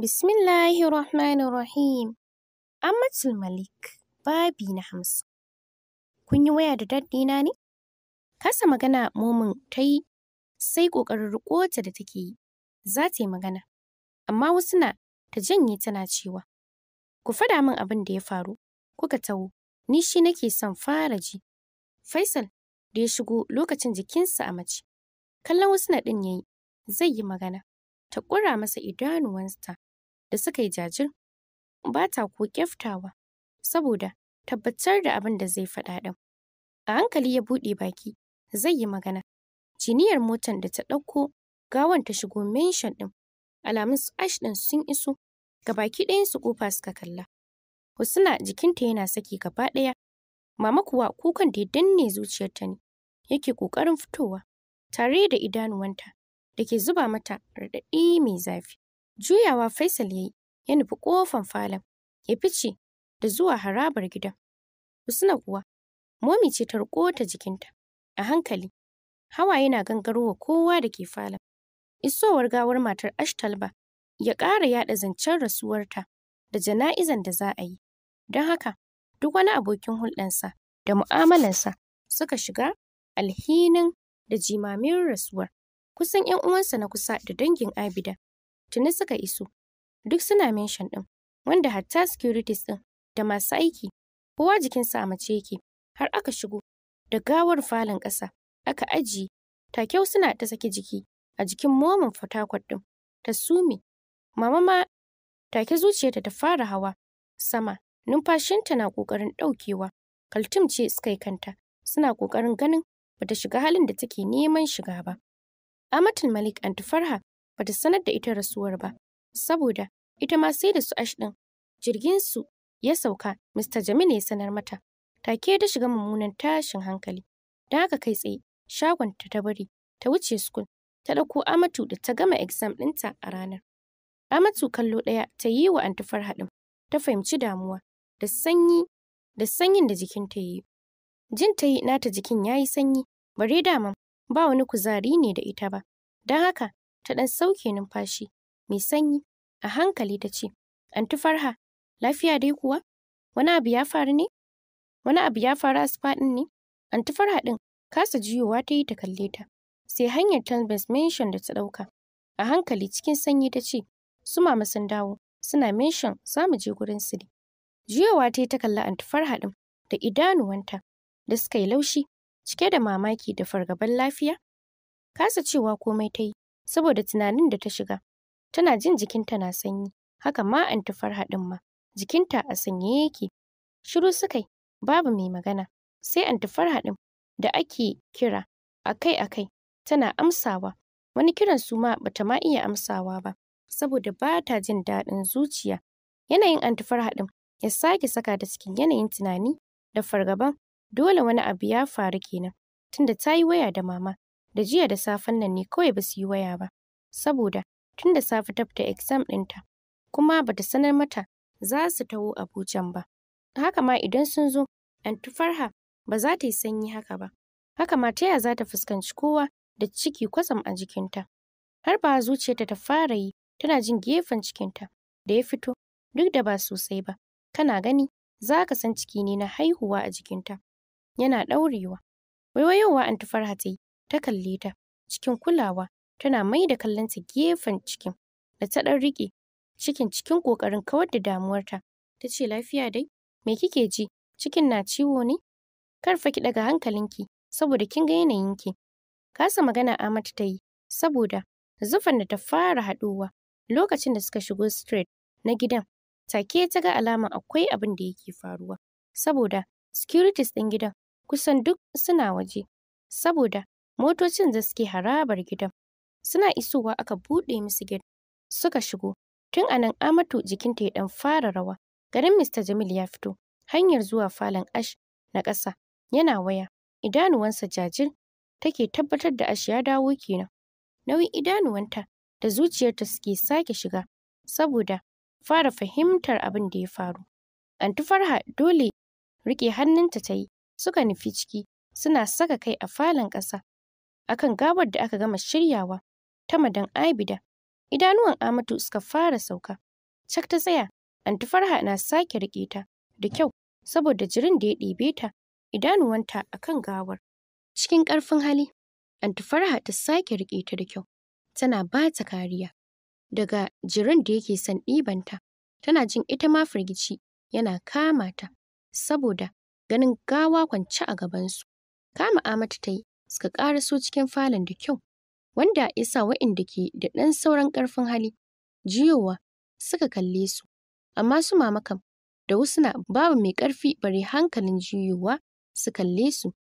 Bismillahi Rahmanu Rahim. Ammatul Malik, babi na hamsin. Kun yi waya da daddina ne? Kasa magana momin ta yi sai ƙoƙarin rukota da take yi. Za ta yi magana, amma wasu na ta janye tana cewa, Ku faɗa min abin da ya faru, kuka taho, ni shi nake son fara ji. Faisal da ya shigo lokacin jikinsa a mace. Kallon wasu na ɗin ya yi, zai yi magana. Ta ƙura masa idanuwansa. da suka yi jajir ba ta ko kyaftawa saboda tabbatar da abin da zai faɗa ɗin. A hankali ya buɗe baki zai yi magana. Jiniyar motar da ta ɗauko gawan ta shigo menshon ɗin. Alamun su ash ɗin sun iso ga baki ɗayan su kofa suka kalla. Husna jikinta yana saki gaba ɗaya. Mama kuwa kukan da ya danne zuciyarta ne yake ƙoƙarin fitowa tare da idanuwanta da ke zuba mata raɗaɗi mai zafi. Juyawa Faisal ya yi, ya nufi ƙofan falon, ya fice da zuwa harabar gidan. Husna kuwa, momi ce ta riƙo ta jikinta, a hankali, hawa yana gangarowa kowa da ke falon. Isowar gawar matar Ashtalba ya ƙara yaɗa zancen rasuwarta da jana'izan da za a yi. Don haka, duk wani abokin hulɗansa da mu'amalansa suka shiga alhinin da jimamin rasuwar. Kusan ‘yan uwansa na kusa da dangin Abida tuni suka iso. Duk suna menshin ɗin, wanda hatta securities ɗin da masu aiki, kowa jikinsa a mace yake, har aka shigo da gawar falon ƙasa, aka ajiye, takyau suna ta saki jiki a jikin momin fatakwat ɗin, ta sume. Mama ma take zuciyarta ta fara hawa sama, numfashinta na ƙoƙarin ɗaukewa, kaltum ce suka kanta, suna ƙoƙarin ganin bata shiga halin da take neman shiga ba. Amatul Malik Antifarha Bata sanar da ita rasuwar ba, saboda ita ma sai da su ash ɗin. Jirginsu ya sauka, Mr. Jamil ya sanar mata. Take da shiga mummunan tashin hankali. Da haka kai tsaye, shagonta ta bari, ta wuce sukun. ta ɗauko Amatu da ta gama exam ɗinta a ranar. Amatu kallo ɗaya ta yi wa anti haɗin, ta fahimci damuwa da sanyi da sanyin da jikin ta yi. Jin ta yi nata jikin ya yi sanyi, bare daman ba wani kuzari ne da ita ba. Don haka ta ɗan sauke numfashi mai sanyi a hankali ta ce anti farha lafiya dai kuwa wani abu ya faru ne wani abu ya faru a ne anti farha ɗin kasa jiyowa ta yi ta kalle ta sai hanyar Talbes Mansion da ta ɗauka. A hankali cikin sanyi ta ce, su mama sun dawo, suna menshon za mu je gurin su ne. Jiyowa ta yi ta kalla Anti Farha ɗin da idanuwanta da suka yi laushi, cike da mamaki da fargaban lafiya. Kasa cewa komai ta yi, saboda tunanin da ta shiga. Tana jin jikinta na sanyi, haka ma anti haɗin ma, jikinta a sanye yake. Shiru sukai, babu mai magana, sai anti haɗin da ake kira akai-akai tana amsawa, wani kiran su ma bata ma iya amsawa ba, saboda ba ta jin daɗin zuciya. Yanayin anti haɗin ya sake saka ta cikin yanayin tunani da fargaban dole wani abu ya faru kenan, tunda ta yi waya da mama da jiya da safen nan ne kawai ba su yi waya ba saboda tun da safe ta fita exam ɗinta kuma ba ta sanar mata za su taho Abujan ba. Haka ma idan sun zo, Anti Farha ba za ta yi sanyi haka ba. Haka ma ta za ta fuskanci kowa da ciki kwatsam a jikinta. Har ba zuciyarta ta fara yi tana jin gefen cikinta da ya fito duk da ba sosai ba. Kana gani za ka san ciki ne na haihuwa a jikinta. Yana ɗaurewa. Waiwayowa Anti Farha ta yi ta kalle ta cikin kulawa tana mai da kallonta gefen cikin da ta ɗan riƙe cikin cikin ƙoƙarin kawar da damuwarta ta ce lafiya dai me kike ji cikin na ciwo ne karfa ki daga hankalinki saboda kin ga yanayinki kasa magana Amatu ta yi saboda zufan da ta fara haɗuwa lokacin da suka shigo street na gidan take ta ga alama akwai abin da yake faruwa saboda securities ɗin gidan kusan duk suna waje saboda motocin da suke harabar gidan. Suna isowa aka buɗe musu gidan. Suka shigo. Tun a nan Amatu jikinta ya ɗan fara rawa. Garin Mr. Jamil ya fito. Hanyar zuwa falon Ash na ƙasa. Yana waya. Idanuwansa jajir take tabbatar da Ash ya dawo kenan. Nauyin idanuwanta da zuciyarta suke sake shiga saboda fara fahimtar abin da ya faru. Anti Farha dole riƙe hannunta ta yi suka nufi ciki suna saka kai a falon ƙasa akan gawar da aka gama shiryawa ta madan Abida. Idanuwan Amatu suka fara sauka. Cak ta tsaya, anti Farha na sake riƙe ta da kyau saboda jirin da ya ɗebe ta idanuwanta akan gawar. Cikin ƙarfin hali, anti Farha ta sake riƙe ta da kyau, tana ba ta kariya daga jirin da yake son ɗibanta. Tana jin ita ma firgici yana kama ta saboda ganin gawa kwance a gabansu. Kama Amatu ta yi suka ƙaraso cikin falon da kyau, wanda ya sa waɗanda ke da ɗan sauran ƙarfin hali jiyowa suka kalle su. Amma su mamakam da da na babu mai ƙarfi bare hankalin jiyowa su kalle su.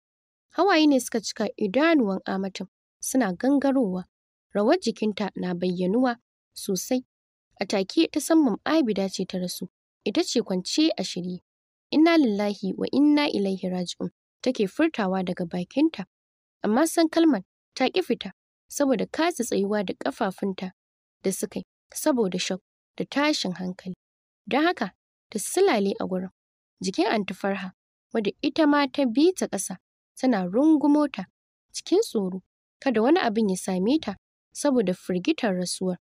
Hawaye ne suka cika idanuwan amatan suna gangarowa, rawar jikinta na bayyanuwa sosai. A take ta saman Abida ce ta rasu, ita ce kwance a shirye. Inna lillahi wa inna ilaihi raji'un take furtawa daga bakinta. amma san kalman ta ƙi fita saboda kasa tsayuwa da ƙafafunta da suka saboda shak da tashin hankali. Don haka ta silale a gurin. Jikin antifarha wadda ita ma ta bi ta ƙasa tana rungumo ta cikin tsoro kada wani abin ya same ta saboda firgitar rasuwar.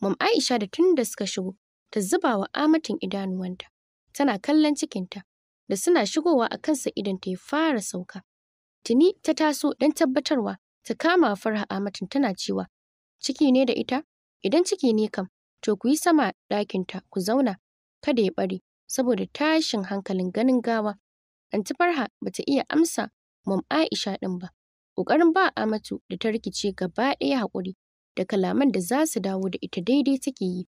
Mam Aisha da tun da suka shigo ta zuba wa amatin idanuwanta tana kallon cikinta da suna shigowa a kansa idan ta ya fara sauka. Tuni ta taso don tabbatarwa ta kama Farha Amatin tana cewa ciki ne da ita? Idan ciki ne kam, to ku yi sama ɗakinta ku zauna, kada ya bari, saboda tashin hankalin ganin gawa. Anti Farha ba ta iya amsa mum Aisha ɗin ba. Ƙoƙarin ba Amatu da ta rikice gaba ɗaya haƙuri da kalaman da za su dawo da ita daidai take yi.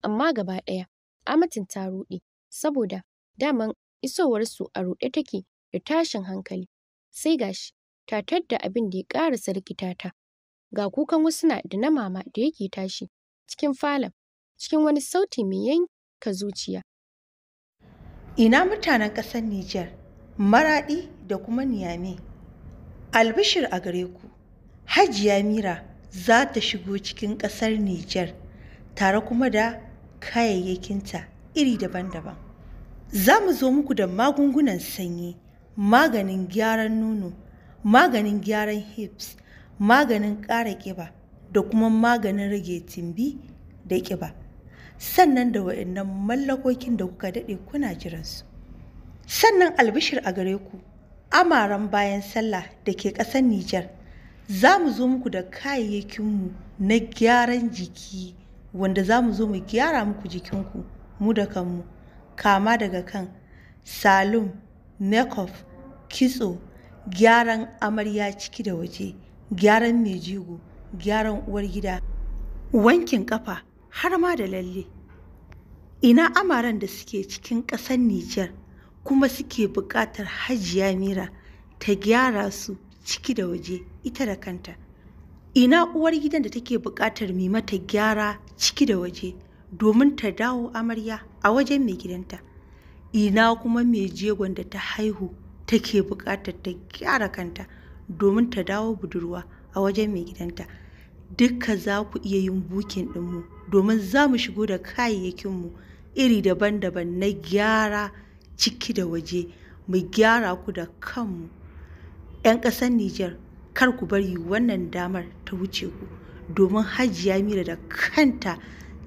Amma gaba ɗaya, Amatin ta ruɗe saboda daman isowarsu a ruɗe take da tashin hankali. Sai gashi ta tatar da abin da ya ƙara sarkita ta. Ga kukan na da na mama da yake tashi cikin falon, cikin wani sauti mai yanka zuciya. Ina mutanen ƙasar Nijar, Maraɗi da kuma Niyame. Albishir a gare ku, Hajiya Mira za ta shigo cikin ƙasar Nijar tare kuma da kayayyakinta iri daban-daban. Za mu zo muku da magungunan sanyi. maganin gyaran nono maganin gyaran hips maganin ƙara ƙiba da kuma maganin rage timbi da ƙiba sannan da wa'annan mallakokin da kuka daɗe kuna jiransu sannan albishir a gare ku amaran bayan sallah da ke ƙasar nijar za mu zo muku da kayayyakinmu na gyaran jiki wanda za mu zo mu gyara muku jikinku mu da kanmu kama daga kan salon makeup kitso gyaran amarya ciki da waje gyaran mai gyaran uwar gida wankin kafa har ma da lalle ina amaran da suke cikin ƙasar nijar kuma suke buƙatar hajiya mira ta gyara su ciki da waje ita da kanta ina uwar gidan da take buƙatar mai mata gyara ciki da waje domin ta dawo amarya a wajen mai gidanta ina kuma mai jegon da ta haihu take buƙatar ta gyara kanta domin ta dawo budurwa a wajen mai gidanta dukka za ku iya yin bukin ɗinmu domin za mu shigo da kayayyakinmu iri daban-daban na gyara ciki da waje mu gyara ku da kanmu 'yan ƙasar Nijar kar ku bari wannan damar ta wuce ku domin hajiya mira da kanta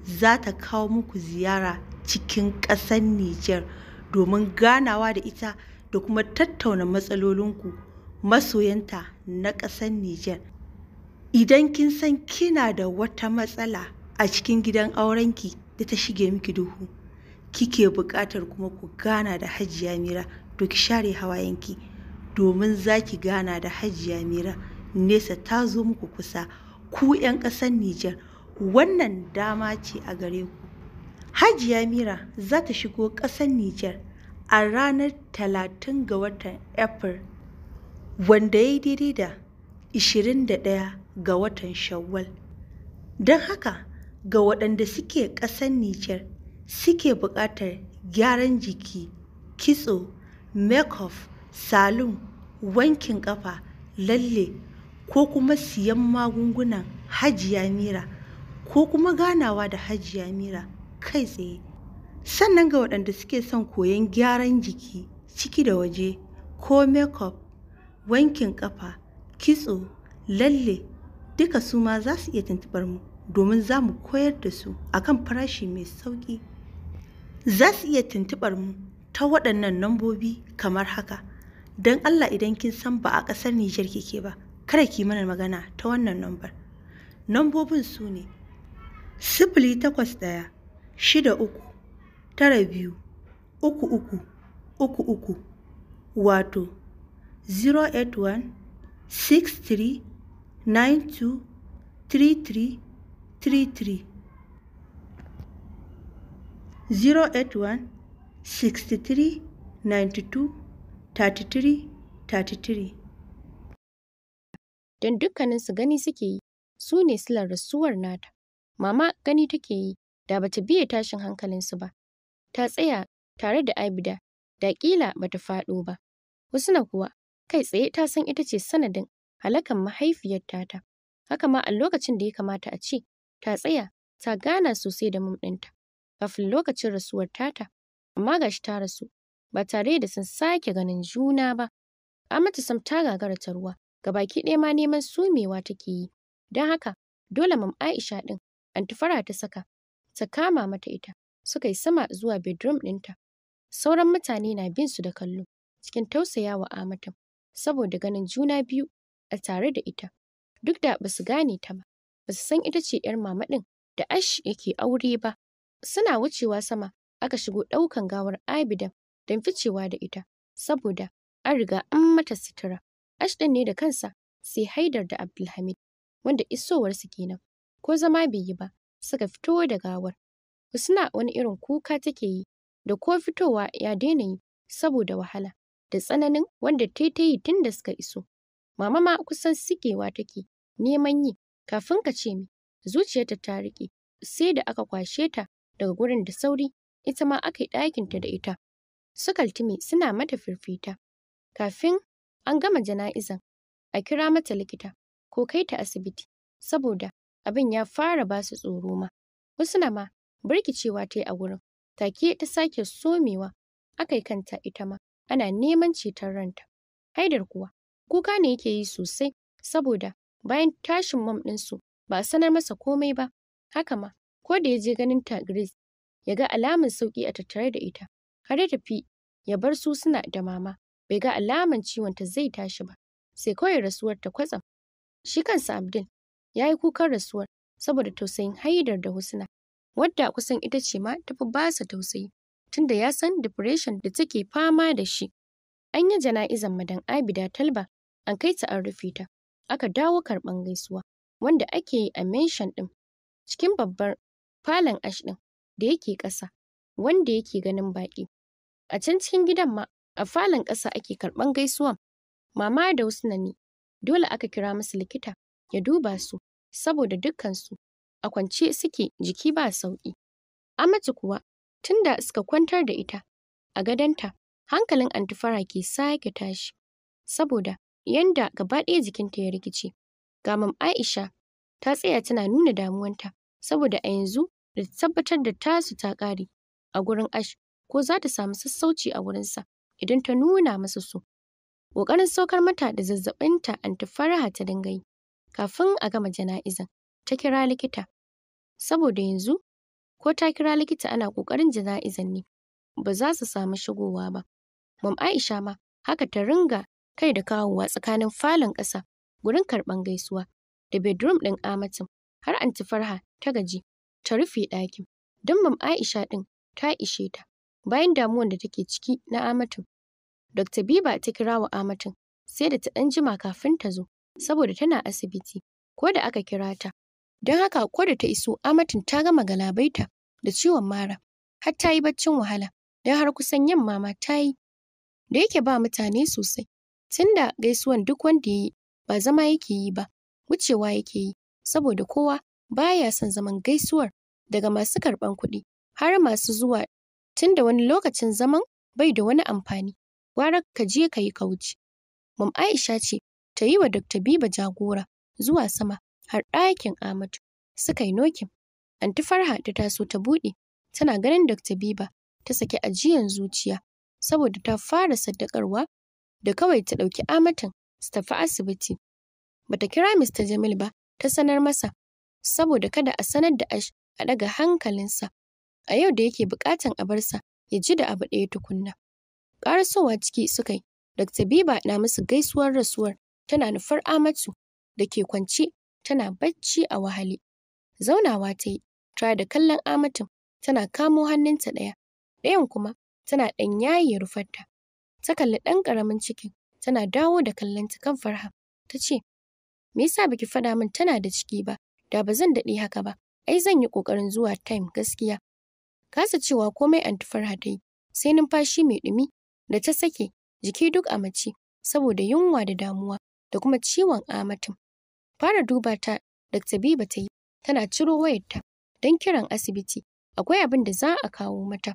za ta kawo muku ziyara cikin ƙasar Nijar domin ganawa da ita da kuma tattauna matsalolinku masoyanta na ƙasar Nijar. Idan kin san kina da wata matsala a cikin gidan aurenki da ta shige miki duhu, kike buƙatar kuma ku gana da Hajiya Mira to ki share hawayenki domin za ki gana da Hajiya Mira nesa ta zo muku kusa ku 'yan ƙasar Nijar wannan dama ce a gare ku. Hajiya Mira za ta shigo ƙasar Nijar a ranar 30 ga watan Afrilu, wanda ya yi daidai da 21 ga watan Shawwal. Don haka, ga waɗanda suke ƙasar Nijar suke buƙatar gyaran jiki, kitso, makeup, salon, wankin ƙafa, lalle, ko kuma siyan magungunan Hajiya Mira ko kuma ganawa da Hajiya Mira. kai tsaye sannan ga waɗanda suke son koyon gyaran jiki ciki da waje ko makeup wankin ƙafa kitso lalle duka su ma za su iya tuntubar mu domin za mu koyar da su akan farashi mai sauƙi za su iya tuntubar mu ta waɗannan nambobi kamar haka don allah idan kin san ba a ƙasar nijar kike ba kada ki mana magana ta wannan nambar nambobin su ne sifili takwas ɗaya shida uku tara biyu uku uku uku uku wato 081-6392-3333 081-6392-3333 don dukkaninsu gani suke yi su ne silar rasuwar nata mama gani take yi da bata biye tashin hankalinsu ba. Ta tsaya tare da Abida da ƙila bata faɗo ba. na kuwa kai tsaye ta san ita ce sanadin halakan mahaifiyar tata. Haka ma a lokacin da ya kamata a ce ta tsaya ta gana sosai da mum ɗinta kafin lokacin rasuwar tata. Amma gashi ta rasu ba tare da sun sake ganin juna ba. amata sam ta gagara ta ruwa baki ɗaya ma neman sumewa take yi. Don haka dole mam Aisha ɗin antifara ta saka ta kama mata ita suka yi sama zuwa bedroom ɗinta. Sauran mutane na bin su da kallo cikin tausayawa Amatan saboda ganin juna biyu a tare da ita. Duk da basu gane ta ba, basu san ita ce ‘yar mama ɗin da Ash yake aure ba. Suna wucewa sama aka shigo ɗaukan gawar Abida don ficewa da ita saboda an riga an mata sitira, Ash ɗin ne da kansa sai Haidar da Abdulhamid wanda isowarsu kenan ko zama bai yi ba suka fito da gawar. Husna wani irin kuka take yi da ko fitowa ya daina yi saboda wahala da tsananin wanda ta ta yi tun da suka iso. Mama ma kusan sikewa take neman yi kafin ka ce mi zuciyarta ta riƙe sai da aka kwashe ta daga gurin da sauri ita ma aka yi ɗakinta da ita. Su suna mata firfita. Kafin an gama jana'izan a kira mata likita ko kai ta asibiti saboda Abin ya fara ba su tsoro ma. na ma birkicewa ta yi a wurin. Take ta sake somewa. Aka yi kanta ita ma. Ana neman ceton ranta. Haidar kuwa kuka ne yake yi sosai saboda bayan tashin mom ɗinsu ba a sanar masa komai ba. Haka ma ko da ya je ganin ta Grace ya ga alaman sauƙi a tattare da ita. Har ya tafi ya bar su suna da mama bai ga alamun ciwon ta zai tashi ba. Sai kawai rasuwar ta kwatsam. Shi kansa Abdul ya yi kukan rasuwar saboda tausayin haidar da husna wadda kusan ita ce ma tafi basa tausayi tunda ya san depression da take fama da shi an yi jana'izan madan abida talba an kai ta an rufe ta aka dawo karban gaisuwa wanda ake yi a mention din cikin babbar falon ash din da yake ƙasa wanda yake ganin baƙi a can cikin gidan ma a falon ƙasa ake karban gaisuwan mama da husna ne dole aka kira musu likita ya duba su saboda dukkansu a kwance suke jiki ba sauƙi. Amatu kuwa tunda suka kwantar da ita a gadonta hankalin antifara ke sake tashi saboda yanda gaba ɗaya jikinta ya rikice. Ga mam Aisha ta tsaya tana nuna damuwanta saboda a yanzu da ta tabbatar da tasu ta ƙare a gurin Ash ko za ta samu sassauci a wurinsa idan ta nuna masa su? Ƙoƙarin saukar mata da zazzaɓinta antifaraha ta dinga yi kafin a gama jana'izan ta kira likita saboda yanzu ko ta kira likita ana ƙoƙarin jana'izan ne ba za su samu shigowa ba. Mam Aisha ma haka ta ringa kai da kawowa tsakanin falon ƙasa gurin karɓan gaisuwa da bedroom ɗin Amatin har anti Farha ta gaji ta rufe ɗakin don Mam Aisha ɗin ta ishe ta bayan damuwan da take ciki na Amatin. Dr. Biba ta kira wa Amatin sai da ta ɗan jima kafin ta zo saboda tana asibiti ko da aka kira ta. Don haka ko da ta iso Amatin ta gama galabaita da ciwon mara har ta yi baccin wahala don har kusan yamma ma ta yi. Da yake ba mutane sosai tunda gaisuwan duk wanda ya yi ba zama yake yi ba wucewa yake yi saboda kowa baya son zaman gaisuwar daga masu karɓan kuɗi har masu zuwa tunda wani lokacin zaman bai da wani amfani gwara ka je ka yi ka wuce. Mum Aisha ce ta yi wa Dr. Biba jagora zuwa sama har ɗakin Amadu. Suka yi nokin. Anti Farha ta taso ta buɗe, tana ganin Dr. Biba ta sake ajiyan zuciya saboda ta fara saddakarwa da kawai ta ɗauki amatan su tafi asibiti. Bata kira Mr. Jamil ba, ta sanar masa saboda kada a sanar da Ash a ɗaga hankalinsa. A yau da yake buƙatan a barsa ya ji da abu ɗaya tukunna. Ƙarasowa ciki suka yi, Dr. Biba na musu gaisuwar rasuwar tana nufar Amatu da ke kwance tana bacci a wahale. Zaunawa ta yi, tare da kallon Amatun tana kamo hannunta ɗaya, ɗayan kuma tana ɗan ya rufarta. Ta kalli ɗan ƙaramin cikin, tana dawo da kallonta kan Farha. Ta ce, Me yasa baki faɗa min tana da ciki ba, da ba zan daɗe haka ba, ai zan yi ƙoƙarin zuwa time gaskiya. Kasa cewa komai anti Farha ta yi, sai numfashi mai ɗumi da ta sake jiki duk a mace saboda yunwa da damuwa. da kuma ciwon amatin. Fara duba ta Dr. Biba ta yi, tana ciro wayarta don kiran asibiti. Akwai abin da za a kawo mata.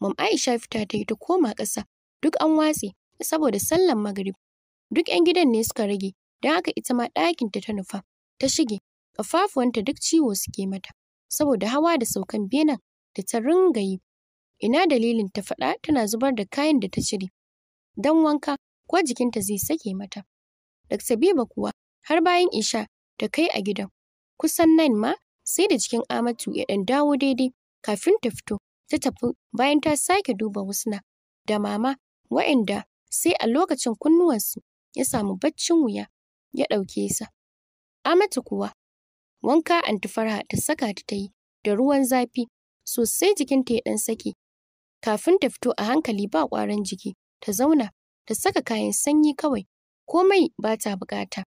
Mam Aisha fita ta yi ta koma ƙasa, duk an watse saboda sallan magrib. Duk 'yan gidan ne suka rage, don haka ita ma ɗakin ta ta nufa, ta shige, ƙafafuwanta duk ciwo suke mata, saboda hawa da saukan benen da ta ringa yi. Ina dalilin ta faɗa tana zubar da kayan da ta cire. Don wanka ko jikinta zai sake mata. Dr. Biba kuwa har bayan Isha ta kai a gidan. Kusan nan ma sai da jikin Amatu ya ɗan dawo daidai kafin ta fito ta tafi bayan ta sake duba Husna da mama wa'inda sai a lokacin kunnuwansu ya samu baccin wuya ya ɗauke sa. Amatu kuwa wanka anti Farha ta saka ta ta yi da ruwan zafi sosai jikinta ya ɗan saki kafin ta fito a hankali ba ƙwarin jiki ta zauna ta saka kayan sanyi kawai komai ba ta bukata.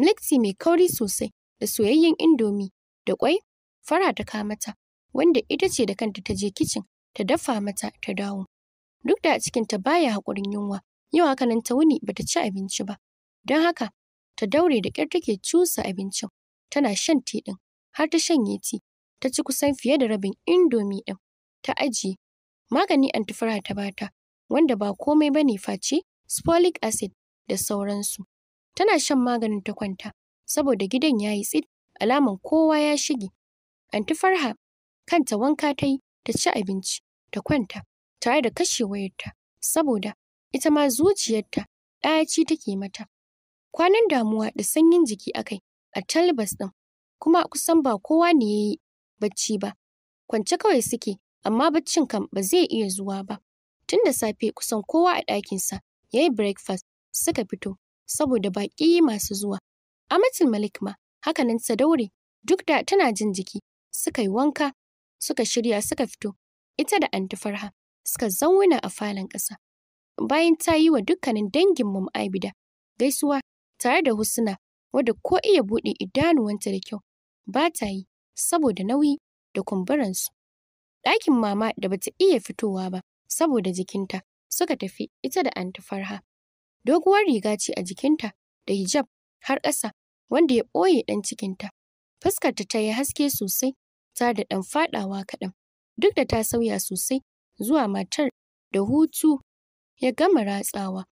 Milk mai kauri sosai da soyayyen indomi da kwai fara ta kamata mata wanda ita ce da kanta ta je kicin ta dafa mata ta dawo. Duk da a cikinta baya haƙurin yunwa, yau haka nan ta wuni bata ci abinci ba. Don haka ta daure da kyar take cusa abincin tana shan tea ɗin har ta shanye tea ta ci kusan fiye da rabin indomi ɗin ta ajiye. Magani antifara ta bata wanda ba komai bane face spolic acid da sauransu. Tana shan maganin ta kwanta saboda gidan ya yi tsit alaman kowa ya shige. Anti Farha kanta wanka ta yi ta ci abinci ta kwanta tare da kashe wayarta saboda ita ma zuciyarta ɗaci take mata. Kwanan damuwa da sanyin jiki akai a talbas ɗin kuma kusan ba kowa ne ya yi bacci ba. Kwance kawai suke amma baccin kam ba zai iya zuwa ba. Tun da safe kusan kowa a ɗakinsa ya yi breakfast suka fito saboda baƙi masu zuwa. Amatul Malik ma hakanan ta daure duk da tana jin jiki suka yi wanka suka shirya suka fito ita da antifarha suka zauna a falon ƙasa. Bayan ta yi wa dukkanin dangin mum Abida gaisuwa tare da Husna wadda ko iya buɗe idanuwanta da kyau ba ta yi saboda nauyi da kumburansu. Ɗakin mama da bata iya fitowa ba saboda jikinta suka tafi ita da antifarha farha. Doguwar riga ce a jikinta da hijab har ƙasa wanda ya ɓoye ɗan cikinta. Fuskarta ta yi haske sosai ta da ɗan faɗawa kaɗan duk da ta sauya sosai zuwa matar da hutu ya gama ratsawa.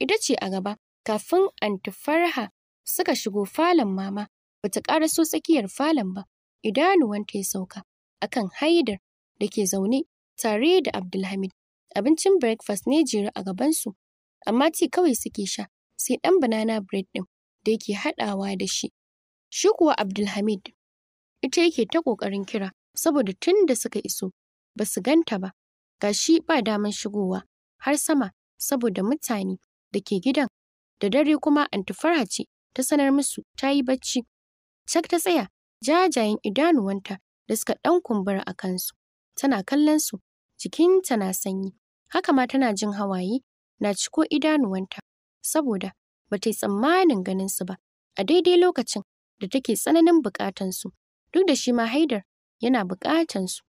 Ita ce a gaba kafin anti Farha suka shigo falon mama ba bata ƙaraso tsakiyar falon ba idanuwanta ya sauka akan Haidar da ke zaune tare da Abdulhamid. Abincin breakfast ne jere a gabansu amma ci kawai suke sha sai ɗan banana bread ɗin da yake haɗawa da shi. Shi kuwa Abdulhamid ita yake ta ƙoƙarin kira saboda tun da suka iso ba su ganta ba ga shi ba daman shigowa har sama saboda mutane da ke gidan da dare kuma anti ce ta sanar musu ta yi bacci. Cak ta tsaya jajayen idanuwanta da suka ɗan kumbura a kansu. Tana kallon su, jikinta na sanyi, haka ma tana jin hawaye na ciko idanuwanta saboda ba ta yi tsammanin ganin su ba a daidai lokacin da take tsananin bukatansu duk da shi ma haidar yana bukatansu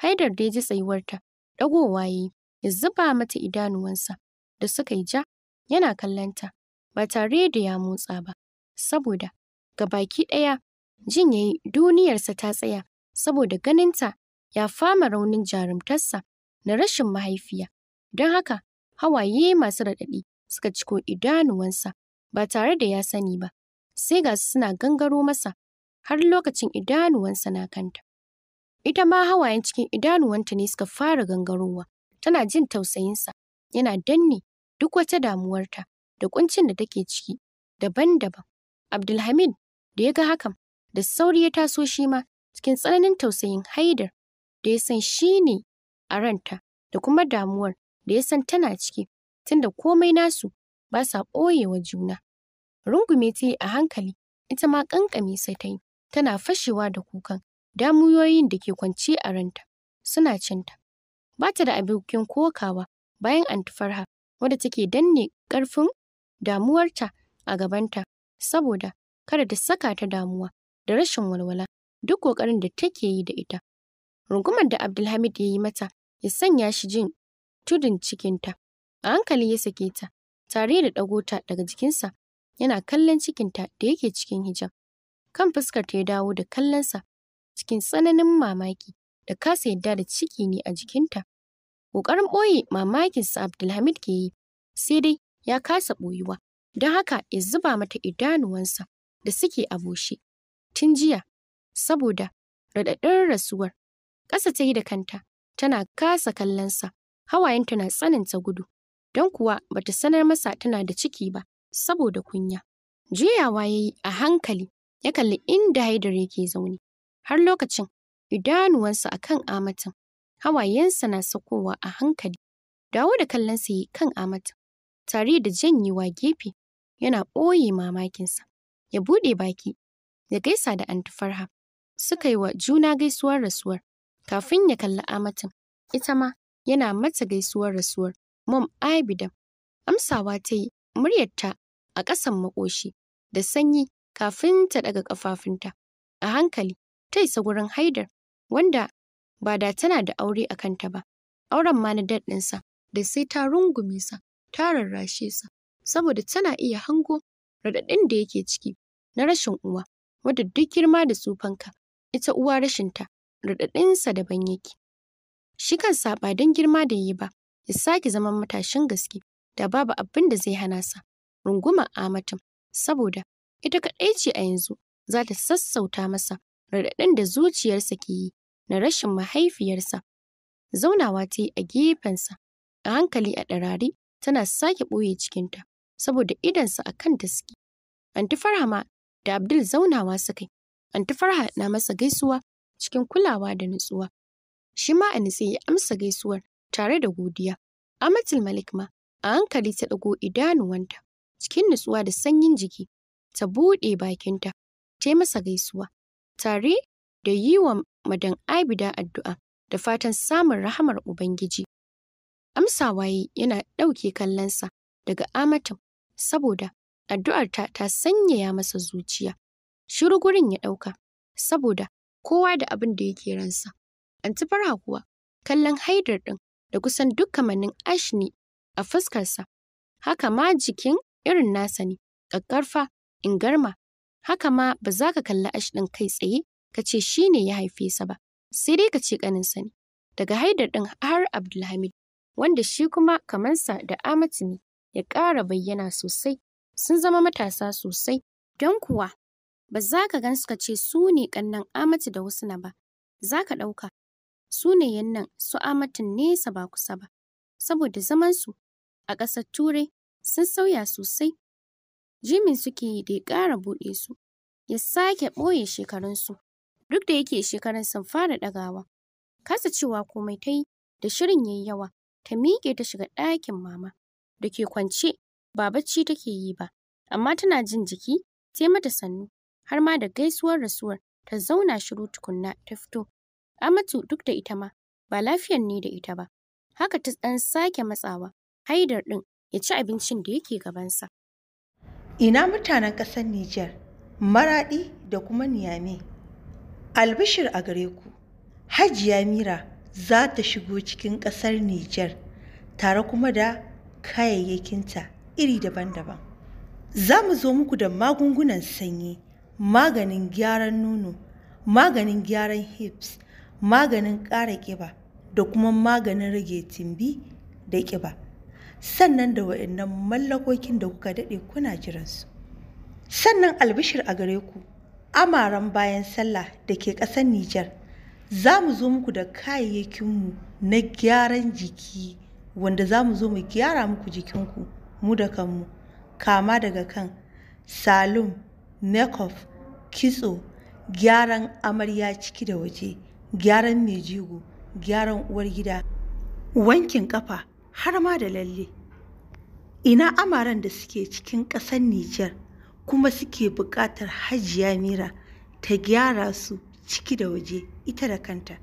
haidar da ya ji tsayuwarta ɗagowa ya yi ya zuba mata idanuwansa da suka yi ja yana kallonta ba tare da ya motsa ba saboda ga baki ɗaya jin ya yi duniyarsa ta tsaya saboda ganinta ya fama raunin jarumtarsa na rashin mahaifiya don haka hawaye masu raɗaɗi suka ciko idanuwansa ba tare da ya sani ba, sai ga suna gangaro masa har lokacin idanuwansa na kanta. Ita ma hawayen cikin idanuwanta ne suka fara gangarowa, tana jin tausayinsa, yana danne duk wata damuwarta da kuncin da take ciki daban-daban. Abdulhamid da ya ga hakan da sauri ya taso shi ma cikin tsananin tausayin haidar da ya san shi ne a ranta da kuma damuwar da ya san tana ciki tunda komai nasu ba sa wa juna. Rungume ta yi a hankali ita ma ƙanƙame sai ta yi tana fashewa da kukan damuyoyin da ke kwance a ranta suna cinta. Ba ta da abokin kokawa bayan antifarha wadda take danne ƙarfin damuwarta a gabanta saboda kada ta saka ta damuwa da rashin walwala duk ƙoƙarin da take yi da ita. Rungumar da Abdulhamid ya yi mata ya sanya shi jin tudun cikinta. A hankali ya sake ta, tare da ɗago ta daga jikinsa, yana kallon cikinta da yake cikin hijab. Kan fuskar ta ya dawo da kallonsa cikin tsananin mamaki da kasa yadda da ciki ne a jikinta. Ƙoƙarin ɓoye mamakinsa Abdulhamid ke yi, sai dai ya kasa ɓoyuwa, don haka ya zuba mata idanuwansa da suke a bushe. Tun jiya, saboda raɗaɗin rasuwar, ƙasa ta yi da kanta, tana kasa kallonsa. Hawayenta na tsananta gudu, don kuwa ba ta sanar masa tana da ciki ba saboda kunya. Juyawa ya yi a hankali ya kalli inda Haidar yake zaune. Har lokacin, idanuwansa a kan amatan, hawayensa na sakowa a hankali. Dawo da kallonsa yi kan amatan, tare da janyewa gefe yana ɓoye mamakinsa. Ya buɗe baki, ya gaisa da antifarha Farha. Suka yi wa juna gaisuwar rasuwar kafin ya kalli amatan, ita ma yana mata gaisuwar rasuwar mom Abida. Amsawa ta yi muryarta a ƙasan makoshi da sanyi kafin ta daga ƙafafunta. A hankali ta isa gurin Haidar wanda ba da tana da aure a kanta ba. Auren ma na daɗinsa da sai ta rungume sa ta rarrashe sa saboda tana iya hango raɗaɗin da yake ciki na rashin uwa wadda duk girma da tsufanka ita uwa rashinta raɗaɗinsa daban yake. Shi kansa ba don girma da yi ba, ya sake zama matashin gaske da babu abin da zai hana sa. runguma a matan. saboda ita kaɗai ce a yanzu za ta sassauta masa raɗaɗin da zuciyarsa ke yi na rashin mahaifiyarsa. Zaunawa ta yi a gefensa, a hankali a ɗarari, tana sake ɓoye cikinta, saboda idonsa a kan suke. Anti ma da Abdul zaunawa suka yi. Anti Farha na masa gaisuwa cikin kulawa da nutsuwa. shi ma a nitse ya amsa gaisuwar tare da godiya. Amatul Malik ma a hankali ta ɗago idanuwanta cikin nutsuwa da sanyin jiki ta buɗe bakinta ta yi masa gaisuwa tare da yi wa madan Abida addu'a da fatan samun rahamar Ubangiji. Amsa yi yana ɗauke kallonsa daga amatin saboda addu'ar ta ta sanyaya masa zuciya. Shiru ya ɗauka saboda kowa da abin da yake ransa. Anti Farha kuwa kallon haidar ɗin da kusan duk kamannin ash ne a fuskarsa, haka ma jikin irin nasa ne, ƙaƙƙarfa, in garma. haka ma ba za ka kalli ash ɗin kai tsaye ka ce shi ne ya haife sa ba, sai dai ka ce ƙaninsa ne. Daga haidar ɗin har Abdulhamid, wanda shi kuma kamansa da Amatu ne ya ƙara bayyana sosai, sun zama matasa sosai, don kuwa ba za ka gan suka ce su ne ƙannan Amatu da wasu na ba, za ka ɗauka su ne su amatin nesa ba kusa ba saboda zamansu a ƙasar turai sun sauya sosai jimin suke yi da ya ƙara buɗe su ya sake ɓoye shekarunsu duk da yake shekarun sun fara ɗagawa kasa cewa komai ta yi da shirin yayi yawa ta miƙe ta shiga ɗakin mama da ke kwance ba bacci take yi ba amma tana jin jiki ta mata sannu har ma da gaisuwar rasuwar ta zauna shiru tukunna ta fito Amatu duk da ita ma ba lafiyan ne da ita ba. Haka ta ɗan sake matsawa, haidar ɗin ya ci abincin da yake gabansa. Ina mutanen ƙasar Nijar, Maraɗi da kuma Niyame. Albishir a gare ku, Hajiya Mira za ta shigo cikin ƙasar Nijar tare kuma da kayayyakinta iri daban-daban. Za mu zo muku da magungunan sanyi, maganin gyaran nono, maganin gyaran hips. maganin ƙara ƙiba da kuma maganin rage timbi da ƙiba sannan da wa'annan mallakokin da kuka daɗe kuna jiransu sannan albishir a gare ku amaran bayan sallah da ke ƙasar Nijar za mu zo muku da kayayyakinmu na gyaran jiki wanda za mu zo mu gyara muku jikinku mu da kanmu kama daga kan salum, makeup kitso gyaran amarya ciki da waje gyaran mai jego gyaran uwar gida wankin kafa har ma da lalle ina amaran da suke cikin ƙasar Nijar kuma suke buƙatar hajiya mira ta gyara su ciki da waje ita da kanta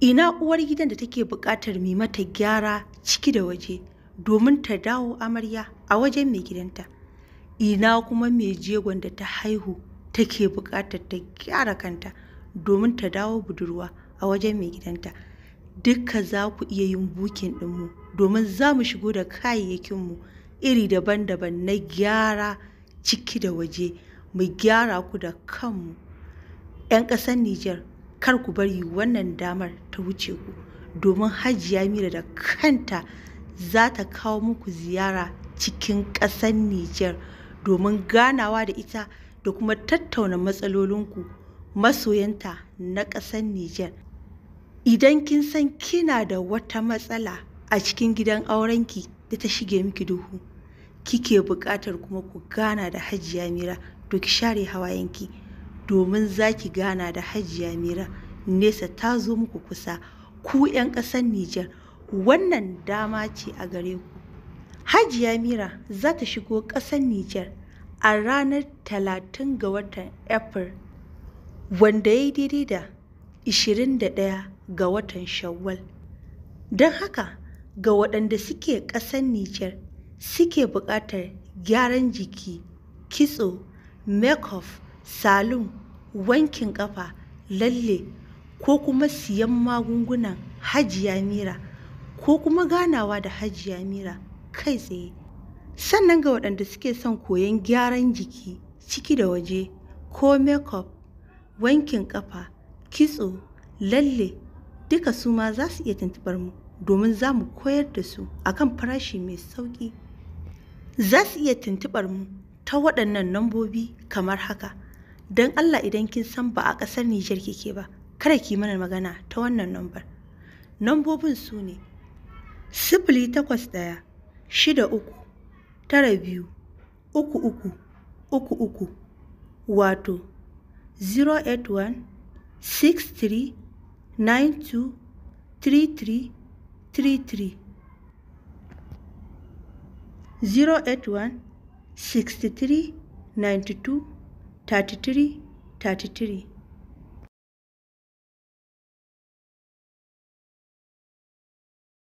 ina uwar gidan da take buƙatar mai mata gyara ciki da waje domin ta dawo amarya a wajen mai gidanta ina kuma mai jegon da ta haihu take buƙatar ta gyara kanta domin ta dawo budurwa a wajen mai gidanta dukka za ku iya yin bukin ɗinmu domin za mu shigo da kayayyakinmu iri daban-daban na gyara ciki da waje mu gyara ku da kanmu 'yan ƙasar Nijar kar ku bari wannan damar ta wuce ku domin hajiya mira da kanta za ta kawo muku ziyara cikin ƙasar Nijar domin ganawa da ita da kuma tattauna matsalolinku masoyanta na ƙasar Nijar. Idan kin san kina da wata matsala a cikin gidan aurenki da ta shige miki duhu, kike buƙatar kuma ku gana da Hajiya Mira to ki share hawayenki domin za ki gana da Hajiya Mira nesa ta zo muku kusa ku 'yan ƙasar Nijar wannan dama ce a gare ku. Hajiya Mira za ta shigo ƙasar Nijar a ranar 30 ga watan April wanda ya yi daidai da 21 ga watan Shawwal. Don haka ga waɗanda suke ƙasan Nijar suke buƙatar gyaran jiki, kitso, makeup, salon, wankin ƙafa, lalle ko kuma siyan magungunan Hajiya Mira ko kuma ganawa da Hajiya Mira kai tsaye. Sannan ga waɗanda suke son koyon gyaran jiki ciki da waje ko makeup wankin ƙafa, kitso, lalle duka su ma za su iya tuntubar mu domin za mu koyar da su akan farashi mai sauƙi. Za su iya tuntuɓar mu ta waɗannan nambobi kamar haka. Don Allah idan kin san ba a ƙasar Nijar kike ba, kada ki mana magana ta wannan nambar. Nambobin su ne sifili takwas ɗaya shida uku tara biyu uku uku uku uku wato 081 63 92 33 33 081 63 92 33 33